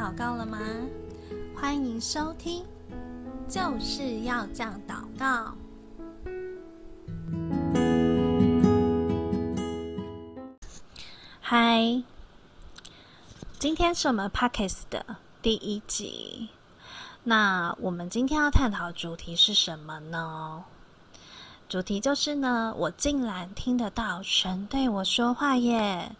禱告了嗎？歡迎收聽，就是要這樣禱告。嗨，今天是我們 Podcast 的第一集。那我們今天要探討的主題是什麼呢？主題就是呢，我竟然聽得到神對我說話耶！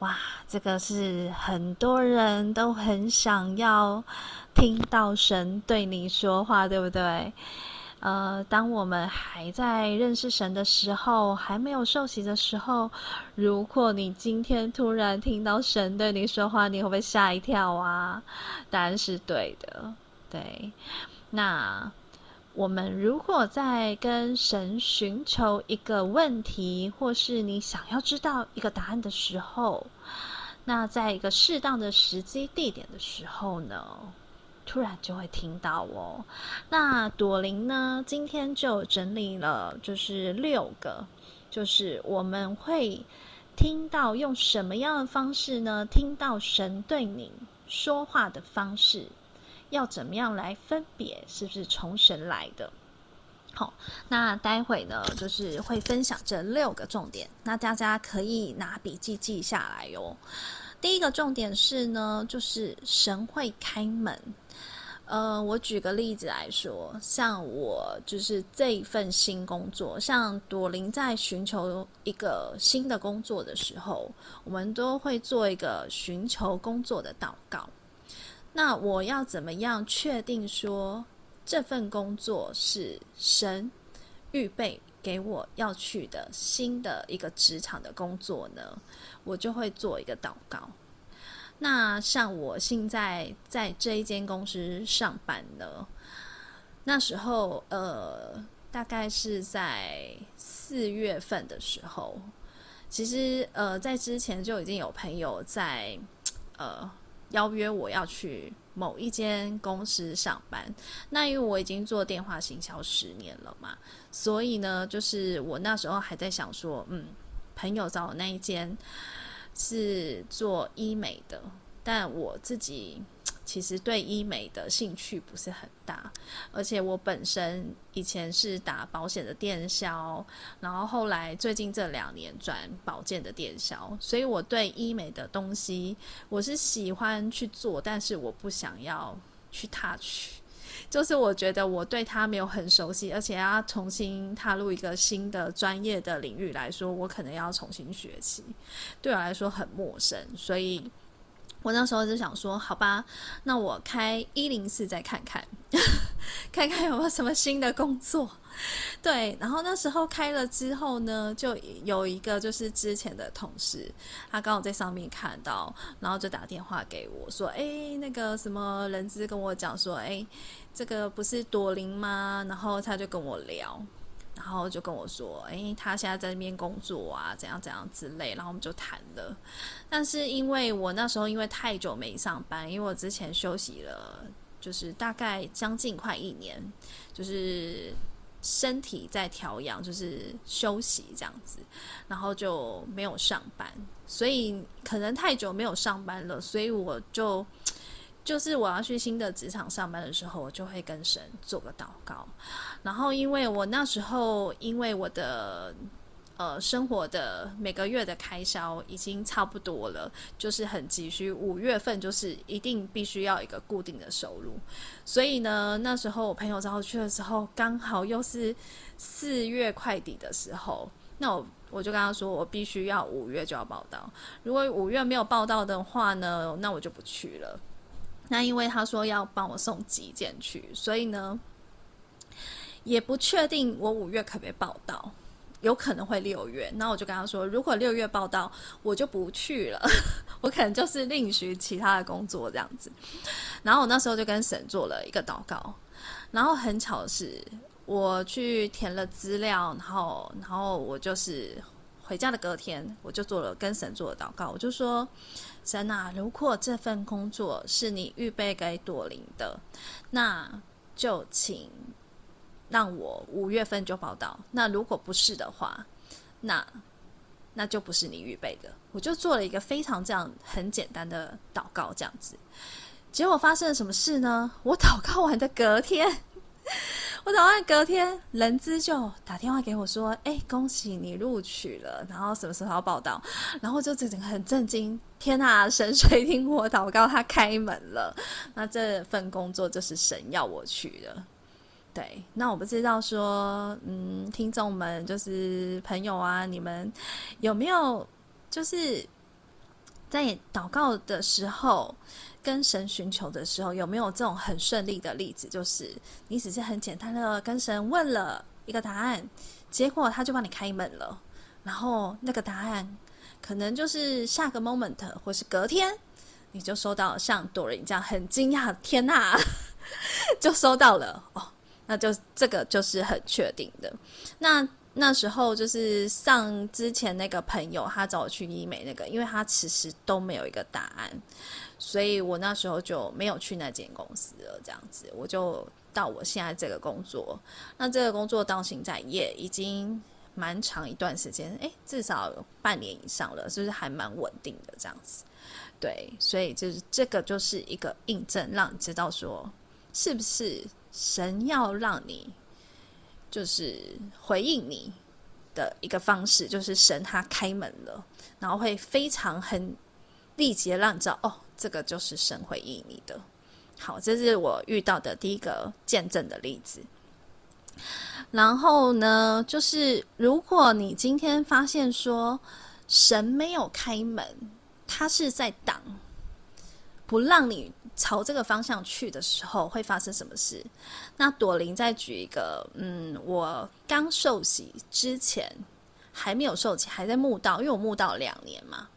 哇，這個是很多人都很想要聽到神對你說話，對不對？呃，當我們還在認識神的時候，還沒有受洗的時候，如果你今天突然聽到神對你說話，你會不會嚇一跳啊？答案是對的，對，那。我們如果在跟神尋求一個問題，或是你想要知道一個答案的時候，那在一個適當的時機、地點的時候呢，突然就會聽到哦。那朵琳呢，今天就整理了，就是六個，就是我們會聽到用什麼樣的方式呢？聽到神對你說話的方式。要怎麼樣來分別是不是從神來的？好、哦，那待會呢，就是會分享這六個重點，那大家可以拿筆記記下來喲、哦。第一個重點是呢，就是神會開門。呃，我舉個例子來說，像我就是這一份新工作，像朵琳在尋求一個新的工作的時候，我們都會做一個尋求工作的禱告。那我要怎麼樣確定說這份工作是神預備給我要去的新的一個職場的工作呢？我就會做一個禱告。那像我現在在這一間公司上班呢，那時候呃，大概是在四月份的時候，其實呃，在之前就已經有朋友在呃。邀約我要去某一間公司上班，那因為我已經做電話行銷十年了嘛，所以呢，就是我那時候還在想說，嗯，朋友找我那一間是做醫美的。但我自己其實對醫美的興趣不是很大，而且我本身以前是打保險的電銷，然後後來最近這兩年轉保健的電銷，所以我對醫美的東西我是喜歡去做，但是我不想要去 touch，就是我覺得我對它沒有很熟悉，而且要重新踏入一個新的專業的領域來說，我可能要重新學習，對我來說很陌生，所以。我那時候就想說，好吧，那我開一零四再看看，看看有沒有什麼新的工作。對，然後那時候開了之後呢，就有一個就是之前的同事，他剛好在上面看到，然後就打電話給我說，哎、欸，那個什麼人資跟我講說，哎、欸，這個不是朵琳嗎？然後他就跟我聊。然後就跟我說：“欸，他現在在那邊工作啊，怎樣怎樣之類。”然後我們就談了。但是因為我那時候因為太久沒上班，因為我之前休息了，就是大概將近快一年，就是身體在調養，就是休息這樣子，然後就沒有上班，所以可能太久沒有上班了，所以我就。就是我要去新的職場上班的時候，我就會跟神做個禱告。然後，因為我那時候，因為我的呃生活的每個月的開銷已經差不多了，就是很急需。五月份就是一定必須要一個固定的收入，所以呢，那時候我朋友找我去的時候，剛好又是四月快底的時候，那我我就跟他說，我必須要五月就要報到。如果五月沒有報到的話呢，那我就不去了。那因為他說要幫我送急件去，所以呢，也不確定我五月可不可報到，有可能會六月。那我就跟他說，如果六月報到，我就不去了， 我可能就是另尋其他的工作這樣子。然後我那時候就跟神做了一個禱告，然後很巧的是，我去填了資料，然後然後我就是回家的隔天，我就做了跟神做的禱告，我就說。神吶，如果這份工作是你預備給朵琳的，那就請讓我五月份就報到。那如果不是的話，那那就不是你預備的。我就做了一個非常這樣很簡單的禱告，這樣子。結果發生了什麼事呢？我禱告完的隔天。我禱告隔天，人資就打電話給我說：“哎、欸，恭喜你錄取了，然後什麼時候要報到？”然後我就整個很震驚，天啊！神垂聽我禱告，他開門了。那這份工作就是神要我去的。對，那我不知道說，嗯，聽眾們就是朋友啊，你們有沒有就是在禱告的時候？跟神尋求的時候，有沒有這種很順利的例子？就是你只是很簡單的跟神問了一個答案，結果他就幫你開門了。然後那個答案可能就是下個 moment，或是隔天，你就收到像朵琳這樣很驚訝：“天吶， 就收到了哦，那就這個就是很確定的。那那時候就是上之前那個朋友，他找我去醫美那個，因為他其實都沒有一個答案。所以我那時候就沒有去那間公司了，這樣子，我就到我現在這個工作。那這個工作到現在也已經蠻長一段時間，誒、欸，至少半年以上了，就是，是還蠻穩定的這樣子。對，所以就是這個就是一個印證，讓你知道說，是不是神要讓你，就是回應你的一個方式，就是神他開門了，然後會非常很立即的讓你知道，哦。這個就是神回應你的。好，這是我遇到的第一個見證的例子。然後呢，就是如果你今天發現說神沒有開門，他是在擋，不讓你朝這個方向去的時候，會發生什麼事？那朵琳再舉一個，嗯，我剛受洗之前還沒有受洗，還在慕道，因為我慕道兩年嘛。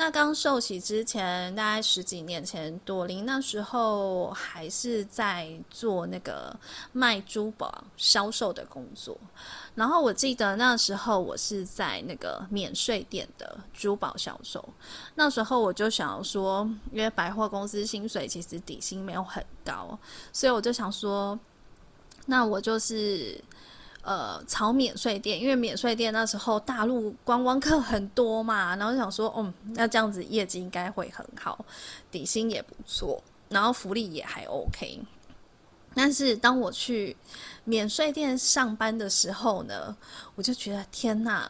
那剛受洗之前，大概十幾年前，朵琳那時候還是在做那個賣珠寶銷售的工作。然後我記得那時候我是在那個免稅店的珠寶銷售。那時候我就想要說，因為百貨公司薪水其實底薪沒有很高，所以我就想說，那我就是。呃，炒免稅店，因為免稅店那時候大陸觀光客很多嘛，然後想說，嗯，那這樣子業績應該會很好，底薪也不錯，然後福利也還 OK。但是當我去免稅店上班的時候呢，我就覺得天哪，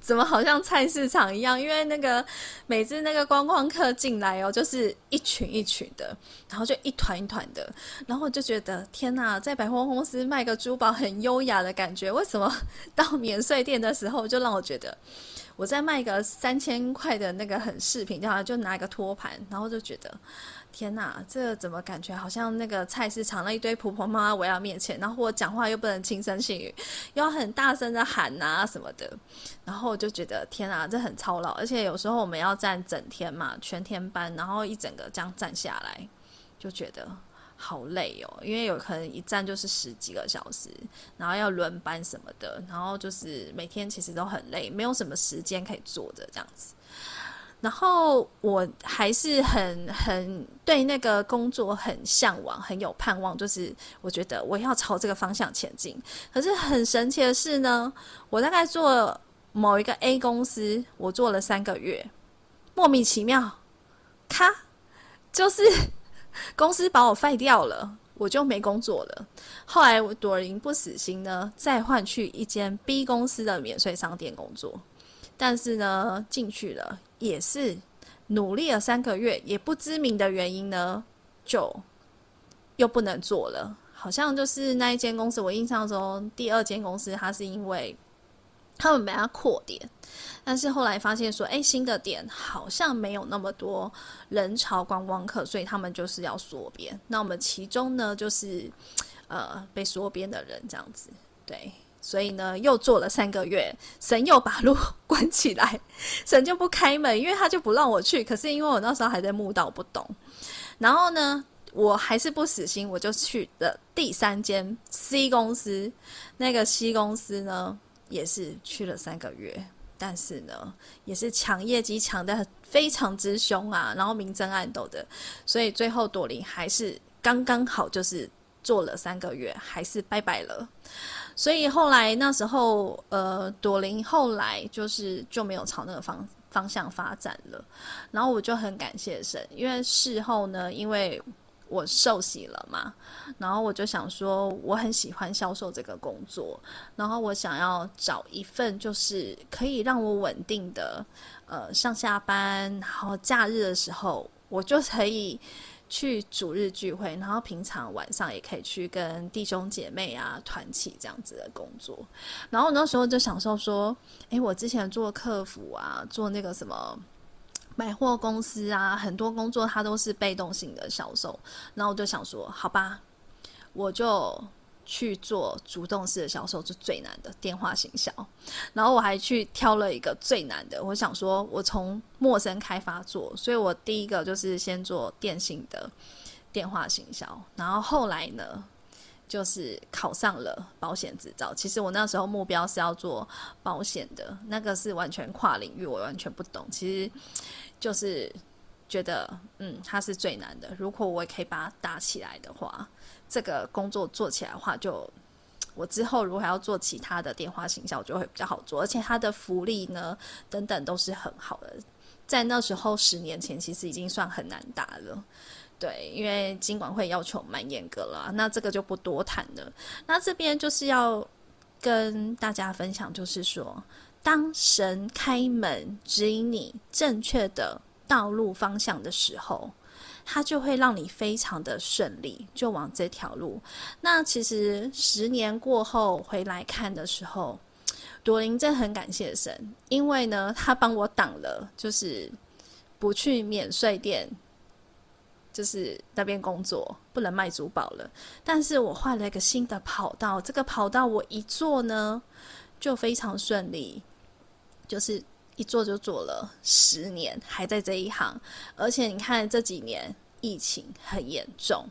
怎麼好像菜市場一樣？因為那個每次那個觀光客進來哦，就是一群一群的，然後就一團一團的，然後我就覺得天哪，在百貨公司賣個珠寶很優雅的感覺，為什麼到免稅店的時候就讓我覺得我在賣個三千塊的那個很飾品，就好像就拿一個托盤，然後就覺得。天吶、啊，這怎麼感覺好像那個菜市場那一堆婆婆媽媽圍在面前，然後我講話又不能輕聲細語，又要很大聲的喊吶、啊、什麼的，然後我就覺得天吶、啊，這很操勞，而且有時候我們要站整天嘛，全天班，然後一整個這樣站下來，就覺得好累哦，因為有可能一站就是十幾個小時，然後要輪班什麼的，然後就是每天其實都很累，沒有什麼時間可以坐着這樣子。然後我還是很很對那個工作很向往，很有盼望，就是我覺得我要朝這個方向前進。可是很神奇的是呢，我大概做某一個 A 公司，我做了三個月，莫名其妙，咔，就是公司把我廢掉了，我就沒工作了。後來我朵琳不死心呢，再換去一間 B 公司的免稅商店工作，但是呢，進去了。也是努力了三個月，也不知名的原因呢，就又不能做了。好像就是那一間公司，我印象中第二間公司，它是因為他們把它擴點，但是後來發現說，哎，新的點好像沒有那麼多人潮觀光客，所以他們就是要縮編。那我們其中呢，就是呃被縮編的人這樣子，對。所以呢，又做了三個月，神又把路關起來，神就不開門，因為他就不讓我去。可是因為我那時候還在慕道，不懂。然後呢，我還是不死心，我就去的第三間 C 公司。那個 C 公司呢，也是去了三個月，但是呢，也是搶業績搶得非常之凶啊，然後明爭暗鬥的。所以最後朵琳還是剛剛好，就是做了三個月，還是拜拜了。所以後來那時候，呃，朵琳後來就是就沒有朝那個方方向發展了。然後我就很感謝神，因為事後呢，因為我受洗了嘛，然後我就想說，我很喜歡銷售這個工作，然後我想要找一份就是可以讓我穩定的，呃，上下班，然後假日的時候我就可以。去主日聚會，然後平常晚上也可以去跟弟兄姐妹啊團契這樣子的工作，然後那時候就想說，哎，我之前做客服啊，做那個什麼百貨公司啊，很多工作它都是被動性的銷售，然後我就想說，好吧，我就。去做主動式的銷售是最難的電話行銷，然後我還去挑了一個最難的，我想說我從陌生開發做，所以我第一個就是先做電信的電話行銷，然後後來呢，就是考上了保險執照。其實我那時候目標是要做保險的，那個是完全跨領域，我完全不懂。其實就是覺得，嗯，它是最難的。如果我也可以把它搭起來的話，這個工作做起來的話就，就我之後如果還要做其他的電話行銷，我就會比較好做，而且它的福利呢等等都是很好的。在那時候十年前，其實已經算很難打了，對，因為金管會要求蠻嚴格了啊。那這個就不多談了。那這邊就是要跟大家分享，就是說，當神開門指引你正確的道路方向的時候。他就會讓你非常的順利，就往這條路。那其實十年過後回來看的時候，朵琳真很感謝神，因為呢，他幫我擋了，就是不去免稅店，就是那邊工作不能賣珠寶了。但是我換了一個新的跑道，這個跑道我一做呢，就非常順利，就是。一做就做了十年，還在這一行，而且你看這幾年疫情很嚴重，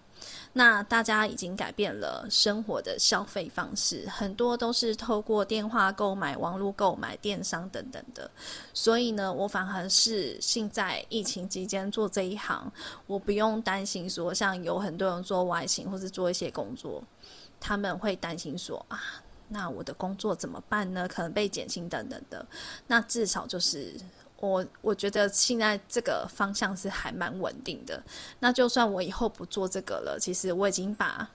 那大家已經改變了生活的消費方式，很多都是透過電話購買、網絡購買、電商等等的。所以呢，我反而是現在疫情期間做這一行，我不用擔心說，像有很多人做外勤或是做一些工作，他們會擔心說啊。那我的工作怎麼辦呢？可能被減輕等等的。那至少就是我，我覺得現在這個方向是還蠻穩定的。那就算我以後不做這個了，其實我已經把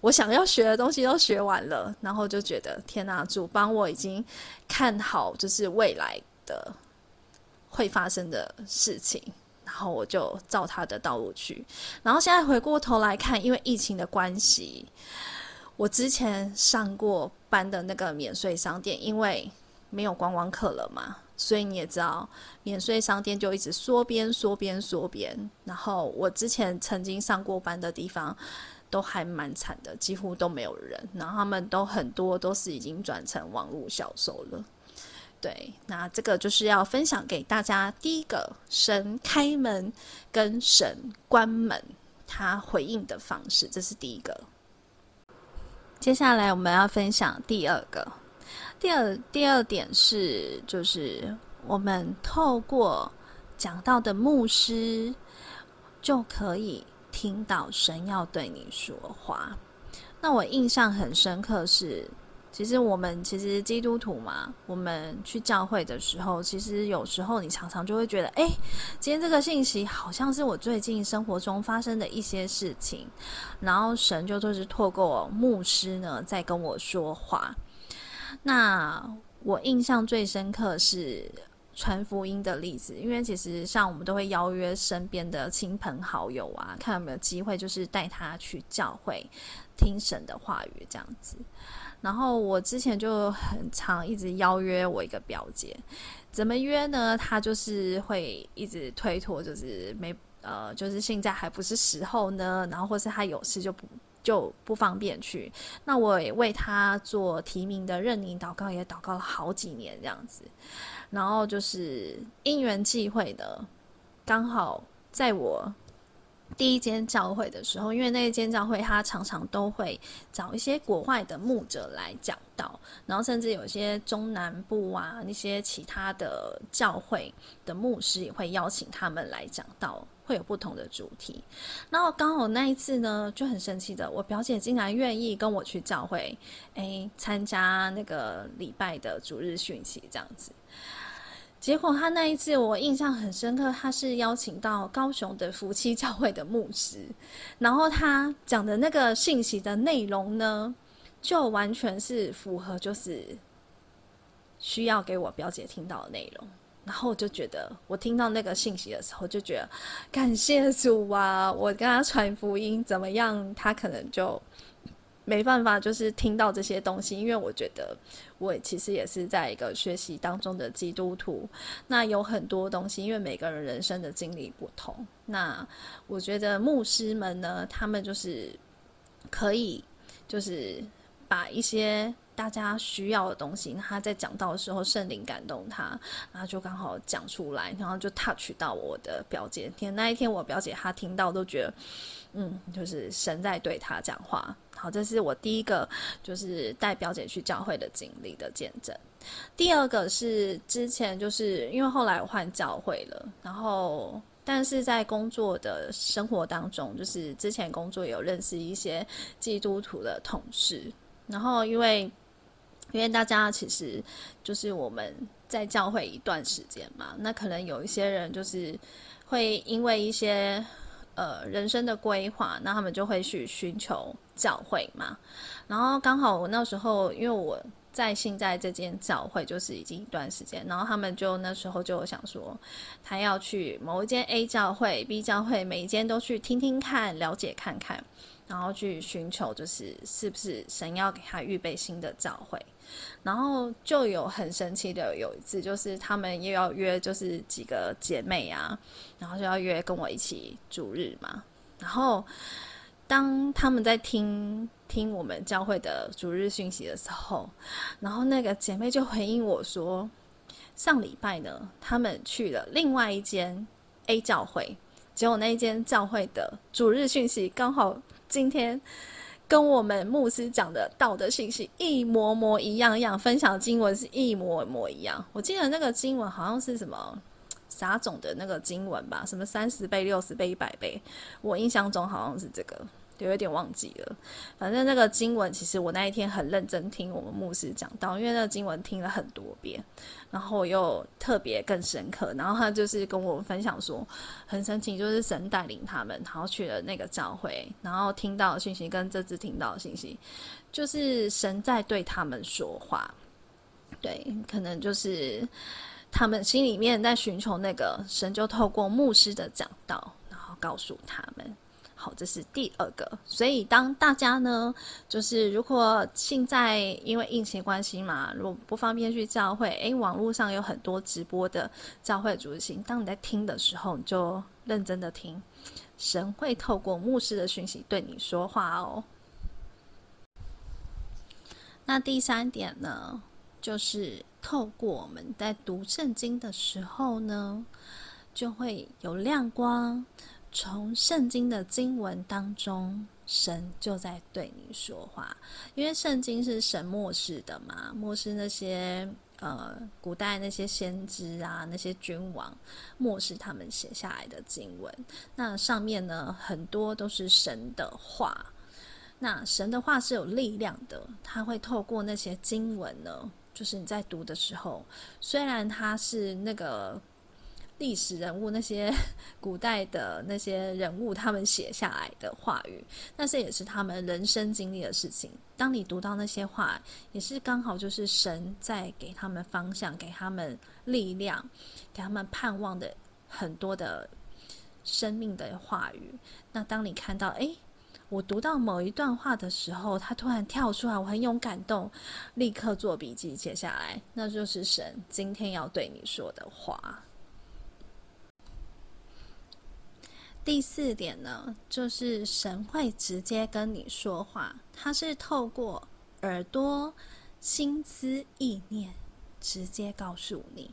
我想要學的東西都學完了，然後就覺得天哪，主幫我已經看好就是未來的會發生的事情，然後我就照他的道路去。然後現在回過頭來看，因為疫情的關係。我之前上過班的那個免稅商店，因為沒有觀光客了嘛，所以你也知道，免稅商店就一直縮邊縮邊縮邊。然後我之前曾經上過班的地方，都還蠻慘的，幾乎都沒有人。然後他們都很多都是已經轉成網絡銷售了。對，那這個就是要分享給大家。第一個，神開門跟神關門，他回應的方式，這是第一個。接下來我們要分享第二個，第二第二點是，就是我們透過講道的牧師，就可以聽到神要對你說話。那我印象很深刻是。其實我們其實基督徒嘛，我們去教會的時候，其實有時候你常常就會覺得，誒、欸，今天這個信息好像是我最近生活中發生的一些事情，然後神就就是透過牧師呢在跟我說話。那我印象最深刻是傳福音的例子，因為其實像我們都會邀約身邊的親朋好友啊，看有沒有機會就是帶他去教會聽神的話語這樣子。然後我之前就很常一直邀約我一個表姐，怎麼約呢？她就是會一直推脫，就是沒呃，就是現在還不是時候呢，然後或是她有事就不就不方便去。那我也為她做提名的認領禱告，也禱告了好幾年這樣子。然後就是因緣際會的，剛好在我。第一間教會的時候，因為那一間教會他常常都會找一些國外的牧者來講道，然後甚至有一些中南部啊那些其他的教會的牧師也會邀請他們來講道，會有不同的主題。然後剛好那一次呢就很神奇的，我表姐竟然願意跟我去教會，哎、欸，參加那個禮拜的主日訊息這樣子。結果他那一次我印象很深刻，他是邀請到高雄的夫妻教會的牧師，然後他講的那個信息的內容呢，就完全是符合就是需要給我表姐聽到的內容。然後我就覺得，我聽到那個信息的時候，就覺得感謝主啊！我跟他傳福音怎麼樣？他可能就。沒辦法，就是聽到這些東西，因為我覺得我其實也是在一個學習當中的基督徒。那有很多東西，因為每個人人生的經歷不同。那我覺得牧師們呢，他們就是可以，就是把一些大家需要的東西，他在講道的時候，聖靈感動他，然後就剛好講出來，然後就 touch 到我的表姐。那一天，我表姐她聽到都覺得，嗯，就是神在對她講話。好，這是我第一個，就是帶表姐去教會的經歷的見證。第二個是之前，就是因為後來我換教會了，然後，但是在工作的生活當中，就是之前工作有認識一些基督徒的同事，然後因為，因為大家其實就是我們在教會一段時間嘛，那可能有一些人就是會因為一些。呃，人生的規劃，那他們就會去尋求教會嘛。然後剛好我那時候，因為我在現在這間教會就是已經一段時間，然後他們就那時候就想說，他要去某一間 A 教會、B 教會，每一間都去聽聽看、了解看看。然後去尋求，就是是不是神要給他預備新的教會，然後就有很神奇的有一次，就是他們又要約，就是幾個姐妹啊，然後就要約跟我一起主日嘛。然後當他們在聽聽我們教會的主日訊息的時候，然後那個姐妹就回應我說，上禮拜呢，他們去了另外一間 A 教會，結果那一間教會的主日訊息剛好。今天跟我們牧師講的道德信息一模模一樣樣，分享的經文是一模一模一樣。我記得那個經文好像是什麼撒種的那個經文吧，什麼三十倍、六十倍、一百倍，我印象中好像是這個。有一點忘記了，反正那個經文其實我那一天很認真聽我們牧師講道，因為那個經文聽了很多遍，然後又特別更深刻。然後他就是跟我們分享說，很神奇，就是神帶領他們，然後去了那個教會，然後聽到的信息跟這次聽到的信息，就是神在對他們說話，對，可能就是他們心裡面在尋求那個神，就透過牧師的講道，然後告訴他們。好，這是第二個。所以，當大家呢，就是如果現在因為疫情關係嘛，如果不方便去教會，哎，網絡上有很多直播的教會主席，當你在聽的時候，你就認真的聽，神會透過牧師的訊息對你說話哦。那第三點呢，就是透過我們在讀聖經的時候呢，就會有亮光。從聖經的經文當中，神就在對你說話，因為聖經是神默示的嘛，默示那些呃古代那些先知啊，那些君王，默示他們寫下來的經文，那上面呢，很多都是神的話，那神的話是有力量的，他會透過那些經文呢，就是你在讀的時候，雖然他是那個。歷史人物，那些古代的那些人物，他們寫下來的話語，那這也是他們人生經歷的事情。當你讀到那些話，也是剛好就是神在給他們方向，給他們力量，給他們盼望的很多的生命的話語。那當你看到，誒，我讀到某一段話的時候，他突然跳出來，我很有感動，立刻做筆記寫下來，那就是神今天要對你說的話。第四點呢，就是神會直接跟你說話，他是透過耳朵、心思意念直接告訴你。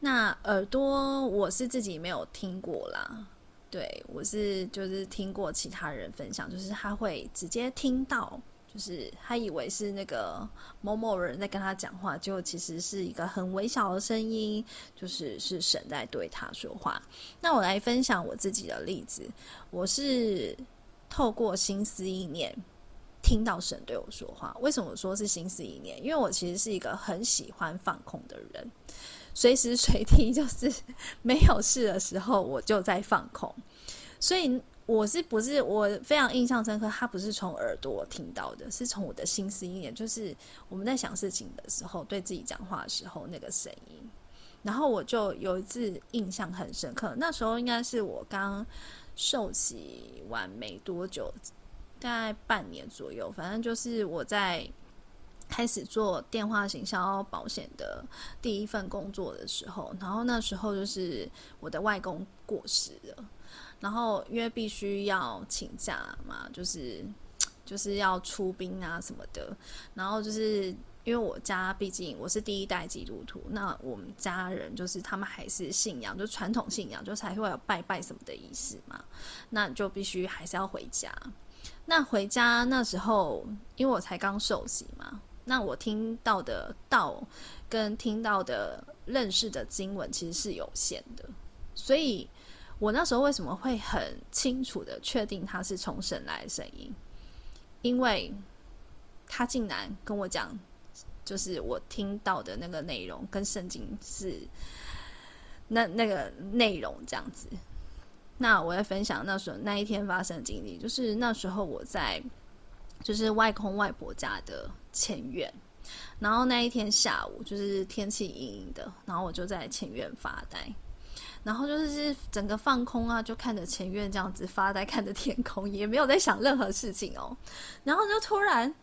那耳朵我是自己沒有聽過啦，對，我是就是聽過其他人分享，就是他會直接聽到。就是他以為是那個某某人在跟他講話，結果其實是一個很微小的聲音，就是是神在對他說話。那我來分享我自己的例子，我是透過心思意念聽到神對我說話。為什麼說是心思意念？因為我其實是一個很喜歡放空的人，隨時隨地就是沒有事的時候，我就在放空，所以。我是不是我非常印象深刻，他不是從耳朵聽到的，是從我的心思意念，就是我們在想事情的時候，對自己講話的時候那個聲音。然後我就有一次印象很深刻，那時候應該是我剛受洗完沒多久，大概半年左右，反正就是我在開始做電話行銷保險的第一份工作的時候，然後那時候就是我的外公過世了。然後，因為必須要請假嘛，就是就是要出殯啊什麼的。然後，就是因為我家畢竟我是第一代基督徒，那我們家人就是他們還是信仰，就傳統信仰，就才會有拜拜什麼的儀式嘛。那你就必須還是要回家。那回家那時候，因為我才剛受洗嘛，那我聽到的道跟聽到的認識的經文其實是有限的，所以。我那時候為什麼會很清楚的確定他是從神來的聲音？因為他竟然跟我講，就是我聽到的那個內容跟聖經是那那個內容這樣子。那我也分享那時候那一天發生的經歷，就是那時候我在就是外公外婆家的前院，然後那一天下午就是天氣陰陰的，然後我就在前院發呆。然後就是是整個放空啊，就看着前院這樣子發呆，看着天空，也沒有在想任何事情哦。然後就突然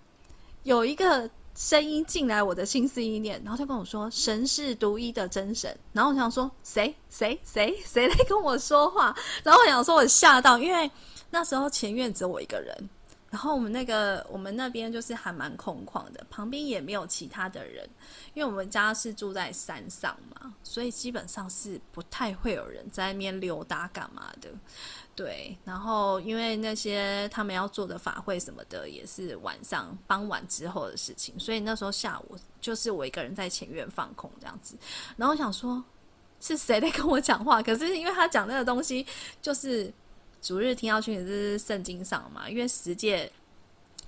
有一個聲音進來我的心思意念，然後他跟我說：“神是獨一的真神。”然後我想說：“誰誰誰誰來跟我說話？”然後我想說：“我嚇到，因為那時候前院只有我一個人。”然後我們那個我們那邊就是還蠻空曠的，旁邊也沒有其他的人，因為我們家是住在山上嘛，所以基本上是不太會有人在那邊溜達幹嘛的，對。然後因為那些他們要做的法會什麼的，也是晚上傍晚之後的事情，所以那時候下午就是我一個人在前院放空這樣子。然後想說是誰在跟我講話，可是因為他講那個東西就是。主日聽到去你這是聖經上嘛？因為十誡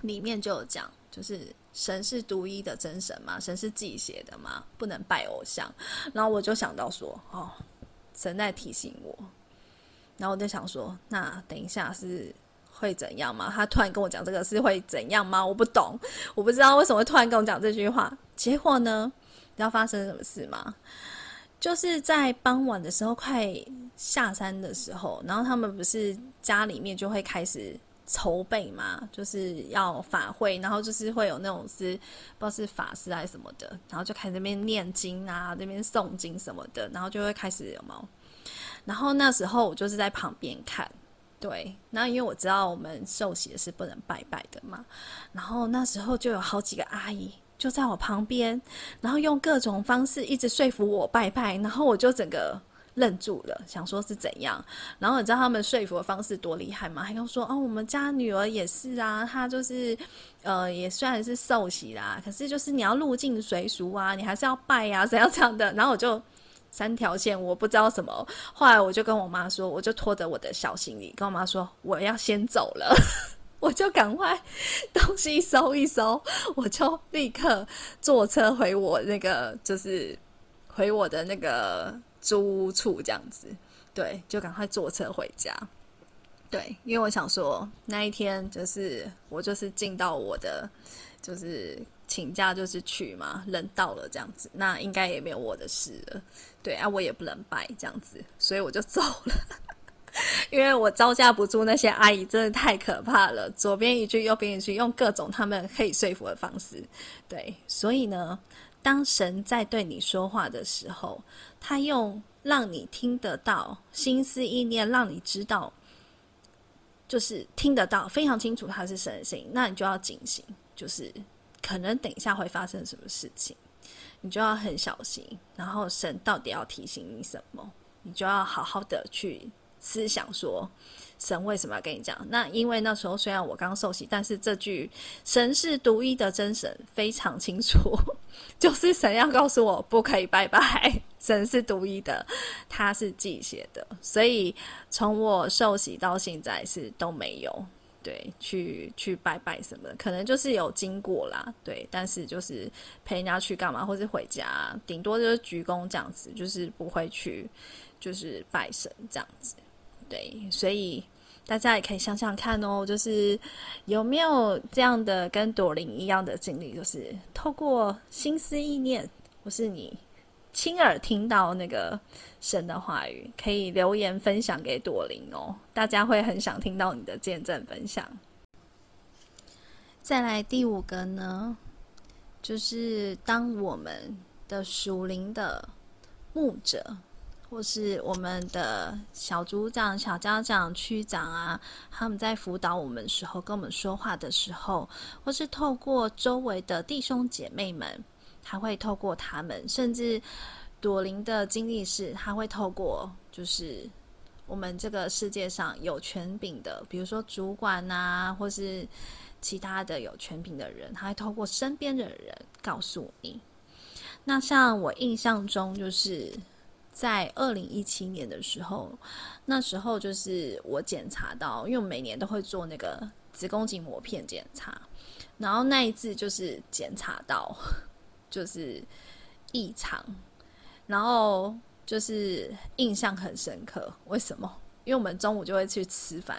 裡面就有講，就是神是獨一的真神嘛，神是自己寫的嘛，不能拜偶像。然後我就想到說，哦，神在提醒我。然後我就想說，那等一下是會怎樣嗎？他突然跟我講這個是會怎樣嗎？我不懂，我不知道為什麼會突然跟我講這句話。結果呢，你知道發生什麼事嗎？就是在傍晚的時候，快。下山的時候，然後他們不是家裡面就會開始籌備嘛，就是要法會，然後就是會有那種是不知道是法師還是什麼的，然後就開始那邊念經啊，那邊誦經什麼的，然後就會開始有貓。然後那時候我就是在旁邊看，對，那因為我知道我們受洗的是不能拜拜的嘛。然後那時候就有好幾個阿姨就在我旁邊，然後用各種方式一直說服我拜拜，然後我就整個。愣住了，想說是怎樣，然後你知道他們說服的方式多厲害嗎？還跟我說哦，我們家女兒也是啊，她就是，呃，也雖然是受洗啦，可是就是你要入境隨俗啊，你還是要拜呀，啊，怎樣這樣的。然後我就三條線，我不知道什麼。後來我就跟我媽說，我就拖着我的小行李，跟我媽說我要先走了， 我就趕快東西收一收，我就立刻坐車回我那個，就是回我的那個。租屋處這樣子，對，就趕快坐車回家。對，因為我想說那一天就是我就是進到我的，就是請假就是去嘛，人到了這樣子，那應該也沒有我的事了。對啊，我也不能拜這樣子，所以我就走了。 因為我招架不住那些阿姨，真的太可怕了。左邊一句，右邊一句，用各種他們可以說服的方式。對，所以呢，當神在對你說話的時候，他又讓你聽得到心思意念，讓你知道，就是聽得到非常清楚他是神的心，那你就要警醒，就是可能等一下會發生什麼事情，你就要很小心。然後神到底要提醒你什麼，你就要好好的去思想，說神為什麼要跟你講？那因為那時候雖然我剛受洗，但是這句神是獨一的真神，非常清楚。 就是神要告訴我不可以拜拜，神是獨一的，他是忌邪的，所以從我受洗到現在是都沒有對去去拜拜什麼的，可能就是有經過啦，對，但是就是陪人家去幹嘛，或是回家，頂多就是鞠躬這樣子，就是不會去就是拜神這樣子，對，所以。大家也可以想想看哦，就是有沒有這樣的跟朵琳一樣的經歷，就是透過心思意念，或是你親耳聽到那個神的話語，可以留言分享給朵琳哦。大家會很想聽到你的見證分享。再來第五個呢，就是當我們的屬靈的牧者。或是我們的小組長、小家長、區長啊，他們在輔導我們的時候，跟我們說話的時候，或是透過周圍的弟兄姐妹們，還會透過他們，甚至朵琳的經歷是，他會透過就是我們這個世界上有權柄的，比如說主管啊，或是其他的有權柄的人，他會透過身邊的人告訴你。那像我印象中就是。在二零一七年的時候，那時候就是我檢查到，因為我每年都會做那個子宮頸抹片檢查，然後那一次就是檢查到，就是異常，然後就是印象很深刻。為什麼？因為我們中午就會去吃飯，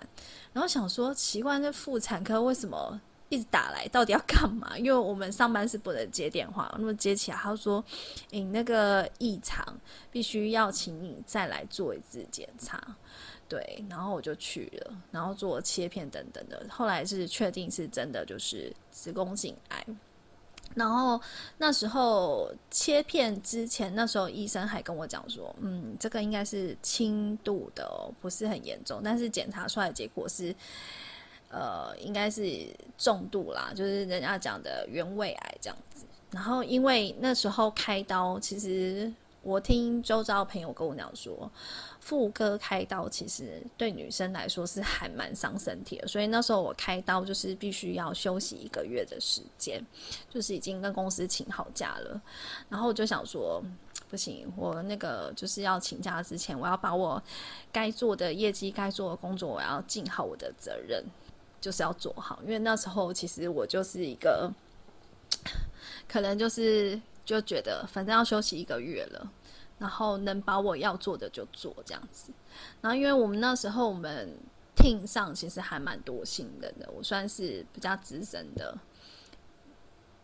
然後想說奇怪，這婦產科為什麼？一直打來，到底要幹嘛？因為我們上班是不能接電話，那麼接起來，他說：“你那個異常，必須要請你再來做一次檢查。”對，然後我就去了，然後做切片等等的。後來是確定是真的，就是子宮頸癌。然後那時候切片之前，那時候醫生還跟我講說：“嗯，這個應該是輕度的哦，不是很嚴重。”但是檢查出來的結果是。呃，應該是重度啦，就是人家講的原位癌這樣子。然後因為那時候開刀，其實我聽周遭朋友跟我講說，婦科開刀其實對女生來說是還蠻傷身體的。所以那時候我開刀就是必須要休息一個月的時間，就是已經跟公司請好假了。然後我就想說，不行，我那個就是要請假之前，我要把我該做的業績、該做的工作，我要盡好我的責任。就是要做好，因為那時候其實我就是一個，可能就是就覺得反正要休息一個月了，然後能把我要做的就做這樣子。然後因為我們那時候我們 team 上其實還蠻多新人的，我算是比較資深的，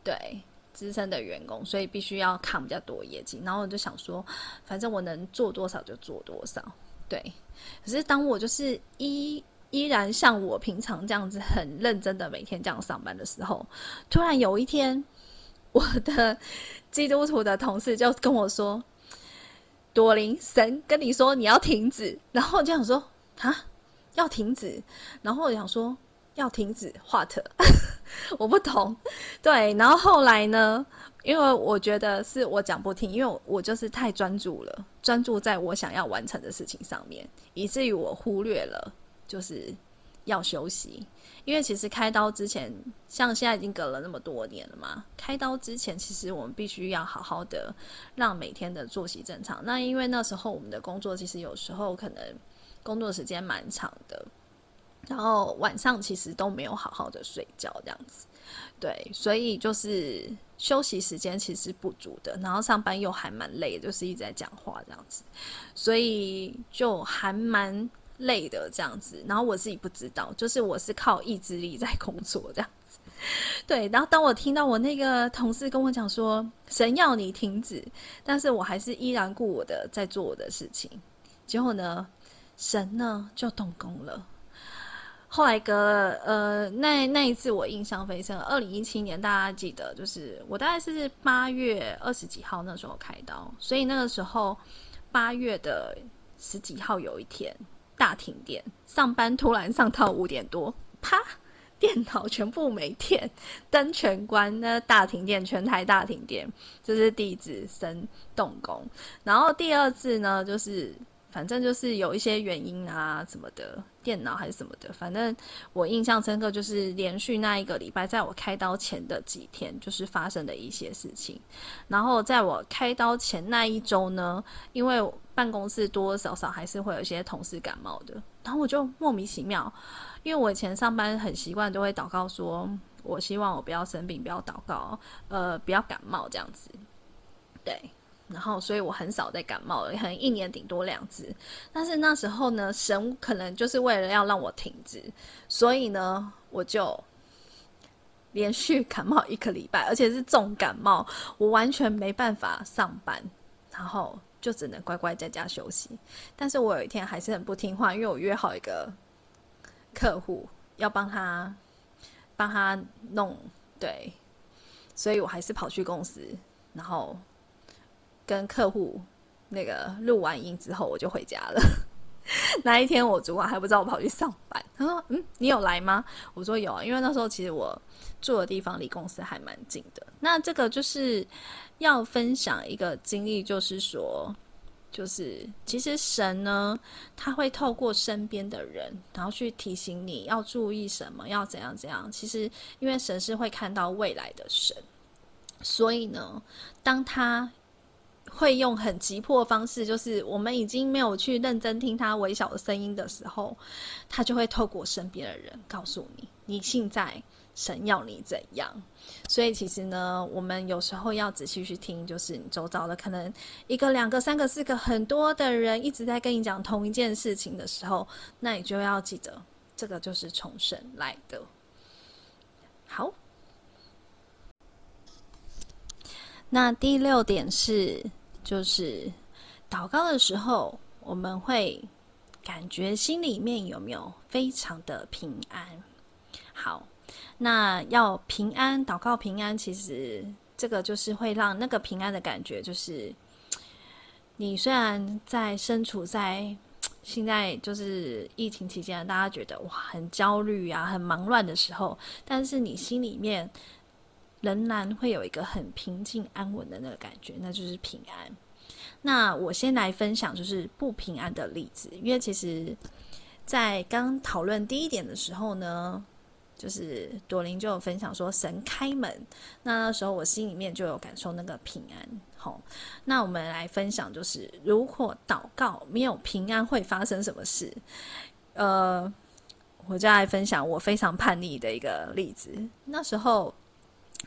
對，資深的員工，所以必須要扛比較多業績。然後我就想說，反正我能做多少就做多少。對，可是當我就是一，依然像我平常這樣子很認真的每天這樣上班的時候，突然有一天，我的基督徒的同事就跟我說：“朵琳，神跟你說你要停止。”然後我就想說：“啊，要停止？”然後我想說：“要停止？”What，我不懂。對，然後後來呢？因為我覺得是我講不聽，因為我就是太專注了，專注在我想要完成的事情上面，以至於我忽略了。就是要休息，因為其實開刀之前，像現在已經隔了那麼多年了嘛。開刀之前，其實我們必須要好好的讓每天的作息正常。那因為那時候我們的工作，其實有時候可能工作時間蠻長的，然後晚上其實都沒有好好的睡覺，這樣子。對，所以就是休息時間其實不足的，然後上班又還蠻累，就是一直在講話這樣子，所以就還蠻。累的這樣子，然後我自己不知道，就是我是靠意志力在工作這樣子。對，然後當我聽到我那個同事跟我講說：“神要你停止”，但是我還是依然故我的在做我的事情。結果呢，神呢就動工了。後來隔了呃，那那一次我印象非常深，二零一七年大家記得，就是我大概是八月二十幾號那時候開刀，所以那個時候八月的十幾號有一天。大停電，上班突然上到五點多，啪，電腦全部沒電，燈全關，那個、大停電，全台大停電。這、就是第一次生動工，然後第二次呢，就是。反正就是有一些原因啊，什麼的，電腦還是什麼的。反正我印象深刻，就是連續那一個禮拜，在我開刀前的幾天，就是發生的一些事情。然後在我開刀前那一周呢，因為辦公室多多少少還是會有一些同事感冒的，然後我就莫名其妙，因為我以前上班很習慣都會禱告說，說我希望我不要生病，不要禱告，呃，不要感冒這樣子，對。然後，所以我很少再感冒了，可能一年頂多兩次。但是那時候呢，神可能就是為了要讓我停止，所以呢，我就連續感冒一個禮拜，而且是重感冒，我完全沒辦法上班，然後就只能乖乖在家休息。但是我有一天還是很不聽話，因為我約好一個客戶要幫他幫他弄，對，所以我還是跑去公司，然後，跟客戶那個錄完音之後，我就回家了。 那一天我主管還不知道我跑去上班，他說：“嗯，你有來嗎？”我說：“有啊，因為那時候其實我住的地方離公司還蠻近的。”那這個就是要分享一個經歷，就是說，就是其實神呢，他會透過身邊的人，然後去提醒你要注意什麼，要怎樣怎樣。其實因為神是會看到未來的神，所以呢，當他會用很急迫的方式，就是我們已經沒有去認真聽他微小的聲音的時候，他就會透過身邊的人告訴你，你現在神要你怎樣。所以其實呢，我們有時候要仔細去聽，就是你周遭的可能一個、兩個、三個、四個很多的人一直在跟你講同一件事情的時候，那你就要記得，這個就是從神來的。好，那第六點是。就是禱告的時候，我們會感覺心裡面有沒有非常的平安。好，那要平安禱告平安，其實這個就是會讓那個平安的感覺，就是你雖然在身處在現在就是疫情期間，大家覺得哇很焦慮啊，很忙亂的時候，但是你心裡面，仍然會有一個很平靜安穩的那個感覺，那就是平安。那我先來分享，就是不平安的例子，因為其實，在剛討論第一點的時候呢，就是朵琳就有分享說神開門，那那時候我心裡面就有感受那個平安。好、哦，那我們來分享，就是如果禱告沒有平安會發生什麼事？呃，我就來分享我非常叛逆的一個例子，那時候。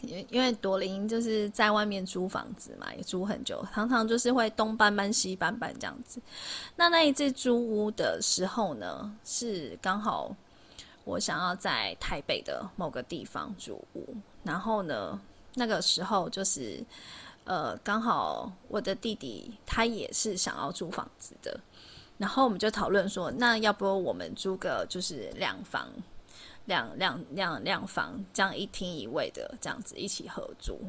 因因為朵琳就是在外面租房子嘛，也租很久，常常就是會東搬搬西搬搬這樣子。那那一次租屋的時候呢，是剛好我想要在台北的某個地方租屋，然後呢那個時候就是呃剛好我的弟弟他也是想要租房子的，然後我們就討論說，那要不我們租個就是兩房。兩兩兩兩房這樣，一廳一衛的這樣子一起合租，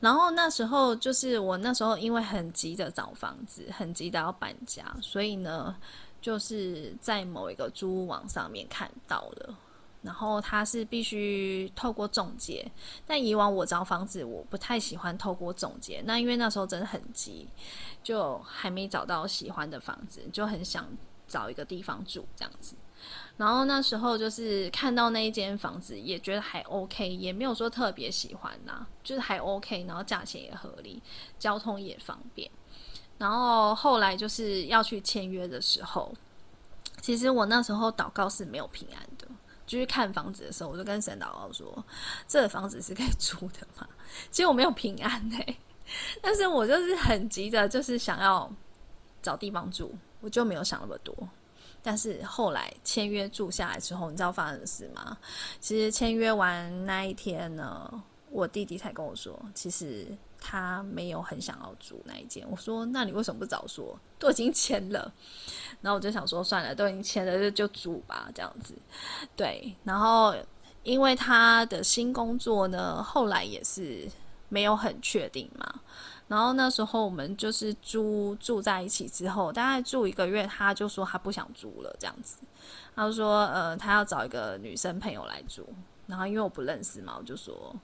然後那時候就是我那時候因為很急著找房子，很急的要搬家，所以呢就是在某一個租屋網上面看到的，然後他是必須透過中介，但以往我找房子我不太喜歡透過中介，那因為那時候真的很急，就還沒找到喜歡的房子，就很想找一個地方住這樣子。然後那時候就是看到那一間房子，也覺得還 OK，也沒有說特別喜歡啦、啊、就是還 OK，然後價錢也合理，交通也方便。然後後來就是要去簽約的時候，其實我那時候禱告是沒有平安的。就是看房子的時候，我就跟神禱告說：“這個房子是可以租的嘛？”其實我沒有平安哎、欸，但是我就是很急着，就是想要找地方住，我就沒有想那麼多。但是後來簽約住下來之後，你知道發生的事嗎？其實簽約完那一天呢，我弟弟才跟我說，其實他沒有很想要住那一間。我說：“那你為什麼不早說？都已經簽了。”然後我就想說：“算了，都已經簽了，就就住吧，這樣子。”對。然後因為他的新工作呢，後來也是沒有很確定嘛。然後那時候我們就是租住在一起之後，大概住一個月，他就說他不想租了，這樣子。他說：“呃，他要找一個女生朋友來住。”然後因為我不認識嘛，我就說：“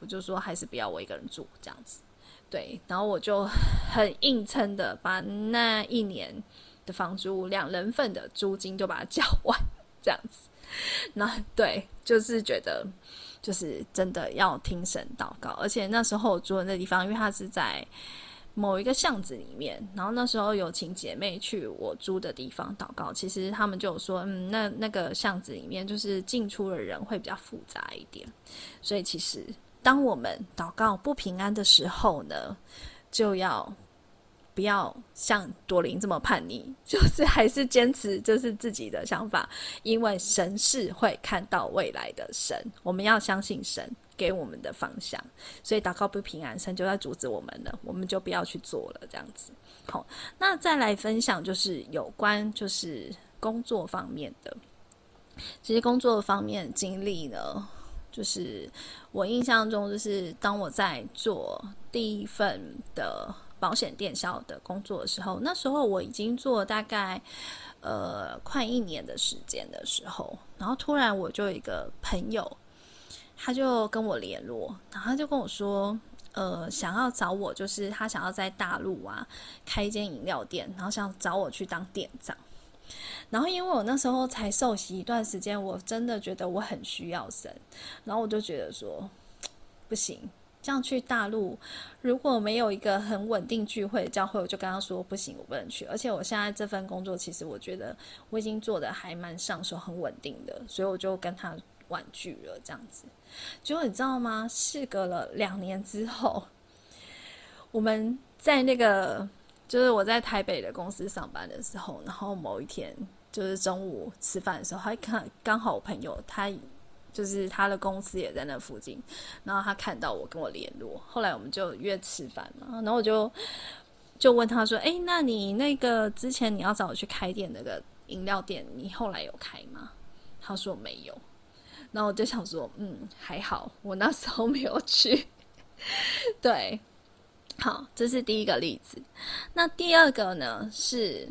我就說還是不要我一個人住這樣子。”對，然後我就很硬撐的把那一年的房租兩人份的租金就把它交完，這樣子。那對，就是覺得。就是真的要聽神禱告，而且那時候我租的那地方，因為它是在某一個巷子裡面。然後那時候有請姐妹去我租的地方禱告，其實他們就說，嗯，那那個巷子裡面就是進出的人會比較複雜一點。所以其實當我們禱告不平安的時候呢，就要。不要像朵琳這麼叛逆，就是還是堅持就是自己的想法，因為神是會看到未來的神，神我們要相信神給我們的方向，所以禱告不平安，神就在阻止我們了，我們就不要去做了，這樣子。好、哦，那再來分享就是有關就是工作方面的，其實工作方面經歷呢，就是我印象中就是當我在做第一份的。保險電銷的工作的時候，那時候我已經做了大概，呃，快一年的時間的時候，然後突然我就有一個朋友，他就跟我聯絡，然後他就跟我說，呃，想要找我，就是他想要在大陸啊開一間飲料店，然後想找我去當店長，然後因為我那時候才受洗一段時間，我真的覺得我很需要神，然後我就覺得說，不行。這樣去大陸，如果沒有一個很穩定聚會教會，我就跟他說不行，我不能去。而且我現在這份工作，其實我覺得我已經做得還蠻上手、很穩定的，所以我就跟他婉拒了這樣子。結果你知道嗎？事隔了兩年之後，我們在那個就是我在台北的公司上班的時候，然後某一天就是中午吃飯的時候，還看剛好我朋友他。就是他的公司也在那附近，然後他看到我跟我聯絡，後來我們就約吃飯嘛，然後我就就問他說：“誒，那你那個之前你要找我去開店那個飲料店，你後來有開嗎？”他說沒有，然後我就想說：“嗯，還好，我那時候沒有去。 ”對，好，這是第一個例子。那第二個呢是，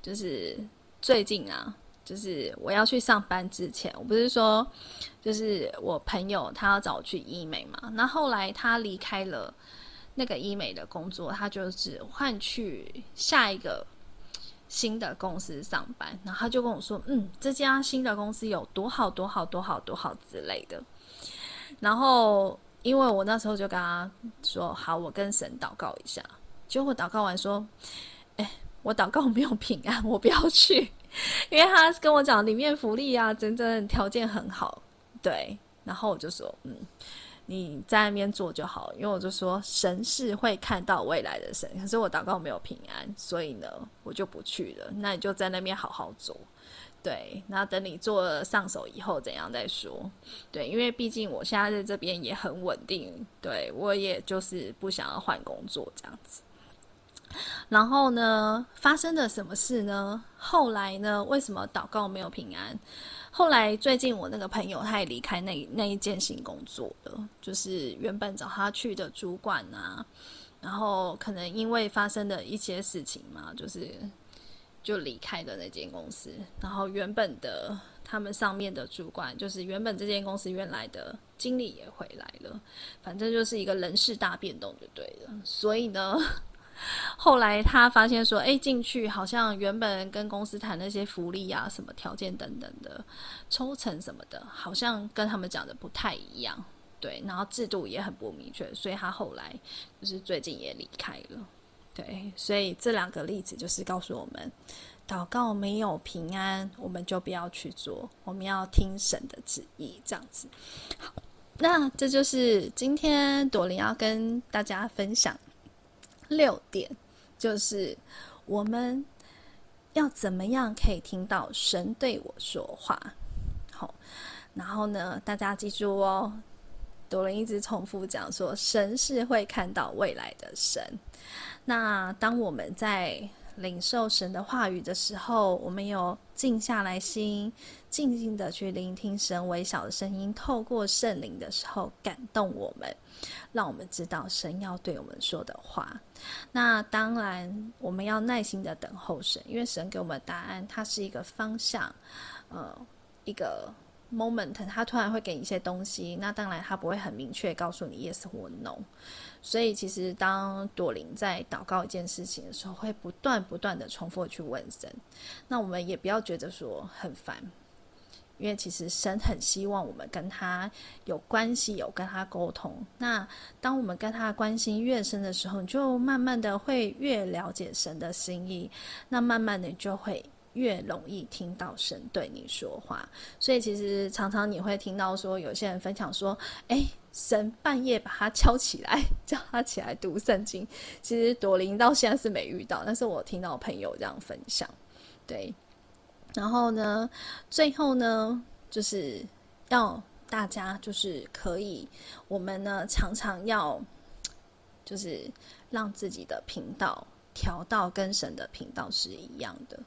就是最近啊。就是我要去上班之前，我不是說，就是我朋友他要找我去醫美嘛。那後，後來他離開了那個醫美的工作，他就是換去下一個新的公司上班。然後他就跟我說：“嗯，這家新的公司有多好多好多好多好之類的。”然後因為我那時候就跟他說：“好，我跟神禱告一下。”結果禱告完說：“哎，我禱告我沒有平安，我不要去。”因為他跟我講裡面福利啊，真正條件很好，對。然後我就說，嗯，你在那邊做就好。因為我就說，神是會看到未來的神，可是我禱告沒有平安，所以呢，我就不去了。那你就在那邊好好做，對。那等你做了上手以後，怎樣再說？對，因為畢竟我現在在這邊也很穩定，對，我也就是不想要換工作這樣子。然後呢，發生了什麼事呢？後來呢，為什麼禱告沒有平安？後來最近我那個朋友他也離開那那一件新工作了，就是原本找他去的主管啊，然後可能因為發生的一些事情嘛，就是就離開的那間公司。然後原本的他們上面的主管，就是原本這間公司原來的經理也回來了，反正就是一個人事大變動就對了。所以呢。後來他發現說：“哎，進去好像原本跟公司談那些福利啊、什麼條件等等的，抽成什麼的，好像跟他們講的不太一樣，對。然後制度也很不明確，所以他後來就是最近也離開了，對。所以這兩個例子就是告訴我們，禱告沒有平安，我們就不要去做，我們要聽神的旨意，這樣子。好，那這就是今天朵琳要跟大家分享的。”六點就是我們要怎麼樣可以聽到神對我說話？好、哦，然後呢，大家記住哦，朵琳一直重複講說，神是會看到未來的神。那當我們在領受神的話語的時候，我們有靜下來心，靜靜的去聆聽神微小的聲音，透過聖靈的時候感動我們，讓我們知道神要對我們說的話。那當然，我們要耐心的等候神，因為神給我們答案，祂是一個方向，呃，一個。moment，他突然會給你一些東西，那當然他不會很明確告訴你 yes 或 no，所以其實當朵琳在禱告一件事情的時候，會不斷不斷的重複去問神，那我們也不要覺得說很煩，因為其實神很希望我們跟他有關係，有跟他溝通。那當我們跟他關係越深的時候，你就慢慢的會越了解神的心意，那慢慢的就會。越容易聽到神對你說話，所以其實常常你會聽到說，有些人分享說：“誒，神半夜把他敲起來，叫他起來讀聖經。”其實朵琳到現在是沒遇到，但是我聽到我朋友這樣分享，對。然後呢，最後呢，就是要大家就是可以，我們呢常常要，就是讓自己的頻道。調到跟神的頻道是一樣的，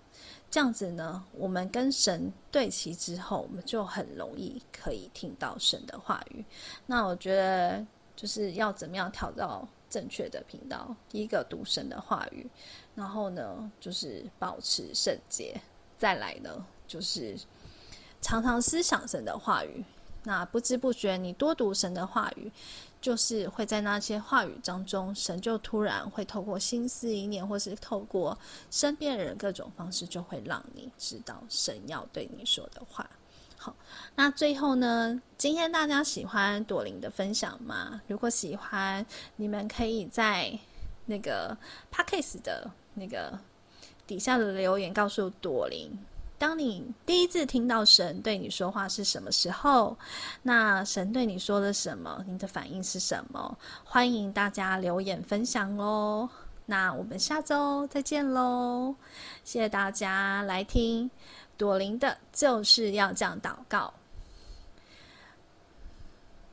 這樣子呢，我們跟神對齊之後，我們就很容易可以聽到神的話語。那我覺得就是要怎麼樣調到正確的頻道？第一個讀神的話語，然後呢，就是保持聖潔，再來呢，就是常常思想神的話語。那不知不覺，你多讀神的話語。就是會在那些話語當中，中，神就突然會透過心思意念，或是透過身邊的人各種方式，就會讓你知道神要對你說的話。好，那最後呢，今天大家喜歡朵琳的分享嗎？如果喜歡，你們可以在那個 Podcast 的那個底下的留言告訴朵琳。當你第一次聽到神對你說話是什麼時候？那神對你說了什麼？你的反應是什麼？歡迎大家留言分享哦。那我們下周再見嘍！謝謝大家來聽朵琳的，就是要這樣禱告。